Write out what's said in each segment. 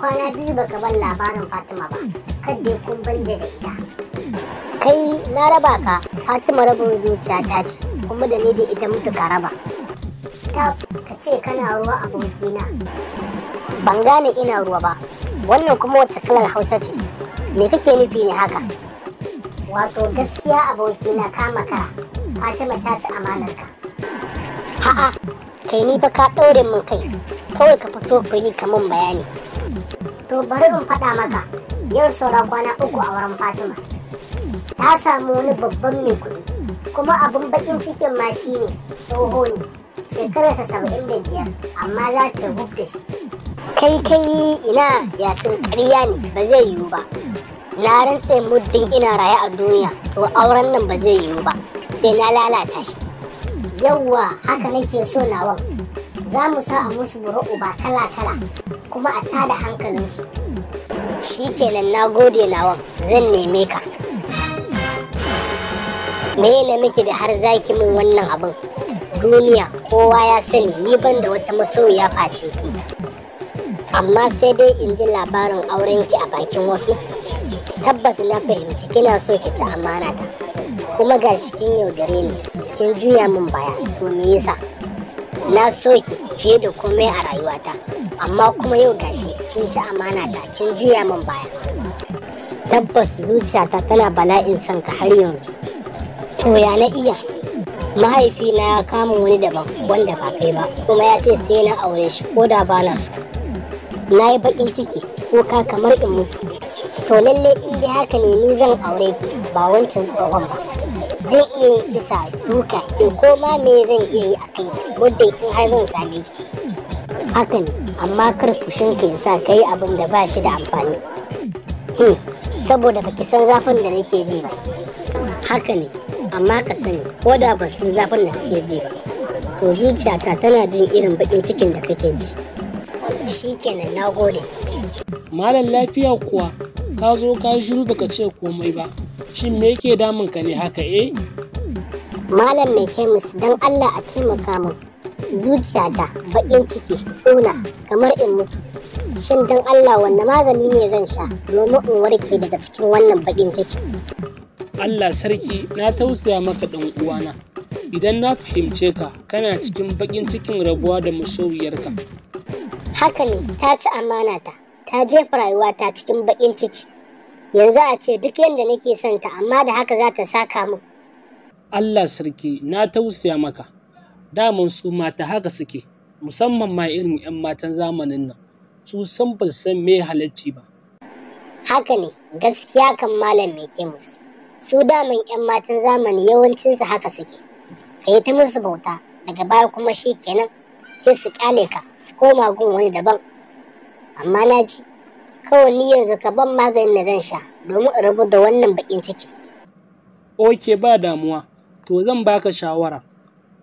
kwana biyu baka bar labarin Fatima ba, dai kun banje da ita. Kai na raba ka, Fatima rabin zuciya ta ce, kuma da ni da ita mutuka raba. Ta ka ce kana ruwa abokina. Ban gane ina ruwa ba, wannan kuma wata kalar Hausa ce. Me kake nufi ne haka? Wato gaskiya abokina ka makara, Fatima ta ci amanarka. Ha'a, kai ni fa ka ɗaure min kai, kawai ka fito fili ka bayani. to bari in faɗa maka yau saura kwana uku a wurin fatima ta samu wani babban mai kuɗi kuma abin bakin cikin ma shine tsoho ne shekararsa saba'in da biyar amma za ta da shi kai kai ina yasin ƙarya ne ba zai yiwu ba na rantse muddin ina raye a duniya to auren nan ba zai yiwu ba sai na lalata shi yauwa haka nake so nawa za mu sa a musu buro'u ba kala-kala kuma a tada hankalinsu shi kenan na gode nawa zan neme ka me na miki da har zaki min wannan abin duniya kowa ya sani ni ban da wata masoya face ki amma sai dai in ji labarin aurenki a bakin wasu tabbas na fahimci kina so ki ci amana ta kuma ga shi kin yaudare ni kin juya min baya to me yasa na so fiye da komai a rayuwata amma kuma yau gashi kin ci amana ta kin juya min baya tabbas zuciyata tana bala'in son ka har yanzu to ya na iya mahaifina ya kama wani daban wanda ba kai ba kuma ya ce sai na aure shi ko da ba na so na yi bakin ciki kuka kamar in mutu to lalle in dai haka ne ni zan aure ki ba wancan tsohon ba zai iya yin kisa duka ke ko ma me zai iya yi a kanki muddin in har zan same ki haka ne amma kar fushin ka yasa ka yi abin da ba shi da amfani hmm. saboda baki san zafin da nake ji ba haka ne amma ka sani ko da ban san zafin da kake ji ba to zuciyata tana jin irin bakin cikin da kake ji shikenan na gode malam lafiya kuwa ka zo ka shiru baka ce komai ba shin me ke damun ka ne haka eh malam mai kemis don allah a taimaka min zuciyata baƙin ciki ƙuna kamar in mutu shin don allah wanne magani ne zan sha domin in warke daga cikin wannan baƙin ciki allah sarki na tausaya maka ɗan uwana idan na fahimce ka kana cikin baƙin cikin rabuwa da masoyiyarka haka ne ta ci amana ta ta jefa rayuwata cikin baƙin ciki yanzu a ce duk yadda nake son ta amma da haka za ta saka min Allah sarki na tausaya maka daman su mata haka suke musamman ma irin 'yan matan zamanin nan su san ba san me halarci ba haka ne gaskiya kan malam musu. su daman 'yan matan zamani yawancinsu haka suke ka yi ta musu bauta daga baya kuma shi kenan sai su kyale ka su koma gun wani daban amma na ji kawai ni yanzu ka ban maganin da zan sha domin in rabu da wannan bakin ciki. Oke ba damuwa, to zan baka shawara,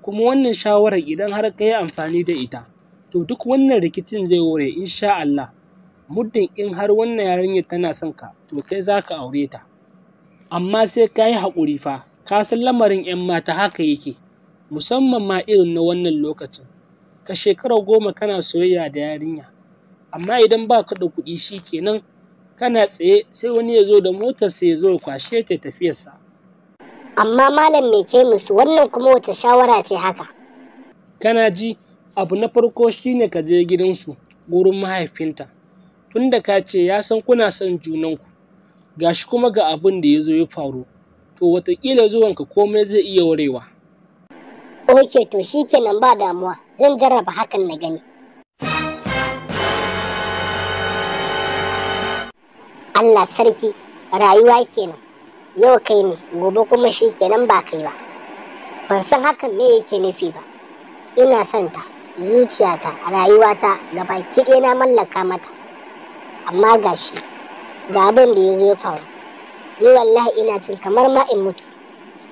kuma wannan shawara idan har ka yi amfani da ita, to duk wannan rikicin zai wure insha Allah, muddin in har wannan yarinyar tana son ka, to kai za ka aure ta. Amma sai ka yi haƙuri fa, ka san lamarin 'yan mata haka yake, musamman ma irin na wannan lokacin, ka shekara goma kana soyayya da yarinya, amma idan ba ka da kuɗi shi kenan kana tsaye sai wani ya zo da motarsa ya zo ya kwashe ta tafiyarsa amma malam mai ke musu wannan kuma wata shawara ce haka kana ji abu na farko shi ne ka je gidansu gurin mahaifinta tunda ka ce ya san kuna son junanku gashi kuma ga abin da ya zo ya faru to watakila ka komai zai iya warewa. Ok, to shi kenan ba damuwa, zan jarraba hakan na gani. Allah sarki rayuwa kenan yau kai ne gobe kuma shi kenan ba kai ba ban san hakan me yake nufi ba ina son ta zuciyata rayuwata gabaki baki na mallaka mata amma gashi ga abin da ya zo faru ni wallahi ina cin kamar ma in mutu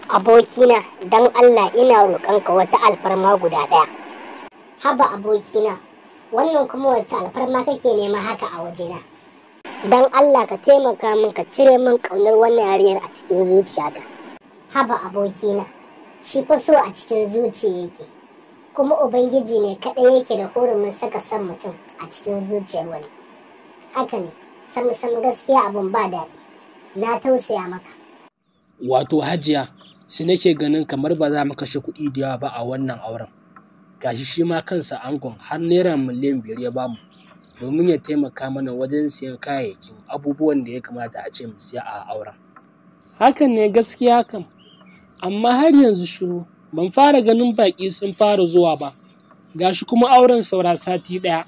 abokina don Allah ina roƙonka wata alfarma guda ɗaya haba abokina wannan kuma wata alfarma kake nema haka a wajena don Allah ka taimaka min ka cire min ƙaunar wannan yariyar a cikin zuciyata. Haba abokina, shi fa so a cikin zuciya yake, kuma Ubangiji ne kaɗai yake da hurumin saka son mutum a cikin zuciyar wani. Haka ne, sam sam gaskiya abun ba daɗi, na tausaya maka. Wato hajiya, sai nake ganin kamar ba za mu kashe kuɗi da yawa ba a wannan auren. Gashi shi ma kansa angon har naira miliyan biyar ya bamu. domin ya taimaka mana wajen siyan kayayyakin abubuwan da ya kamata a ce mu siya a auren. Hakan ne gaskiya kam, amma har yanzu shiru ban fara ganin baƙi sun fara zuwa ba, gashi kuma auren saura sati ɗaya.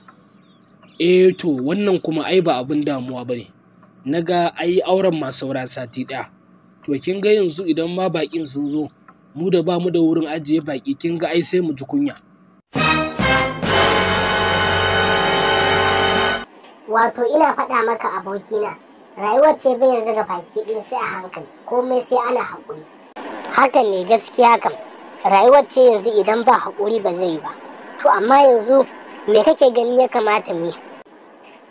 Eh to wannan kuma ai ba abin damuwa ba ne, na ga ai auren ma saura sati ɗaya. To kin ga yanzu idan ma baƙin sun zo, mu da ba mu da wurin ajiye baƙi kin ga ai sai mu ji kunya. wato ina faɗa maka abokina rayuwar ce bai yanzu ga baki ɗaya sai a hankali komai sai ana haƙuri hakan ne gaskiya kam rayuwar ce yanzu idan ba haƙuri ba zai yi ba to amma yanzu me kake gani ya kamata mu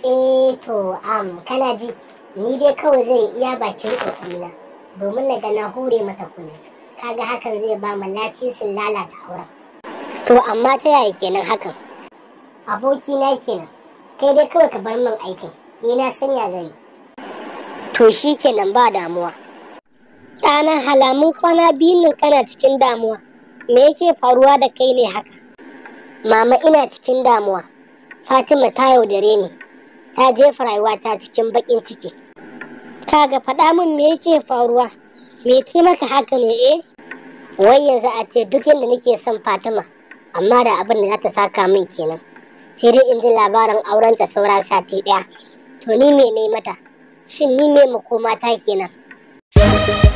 eh to am kana ji ni dai kawai zan iya bakin kokarina domin na gana na hure mata kullum kaga hakan zai ba mu lasisin lalata auren to amma ta yaya kenan hakan abokina kenan kai dai kawai ka bar min aikin ni na sanya zai to shi kenan ba damuwa ɗana halamun kwana biyun nan kana cikin damuwa me yake faruwa da kai ne haka mama ina cikin damuwa fatima ta yaudare ni ta jefa rayuwata cikin baƙin ciki kaga faɗa min me yake faruwa me ke maka haka ne eh wai yanzu a ce duk yadda nake son fatima amma da abin da za ta saka min kenan sai dai in ji labarin aurenta sauran sati ɗaya to ni me ne mata shin ni me makoma ta kenan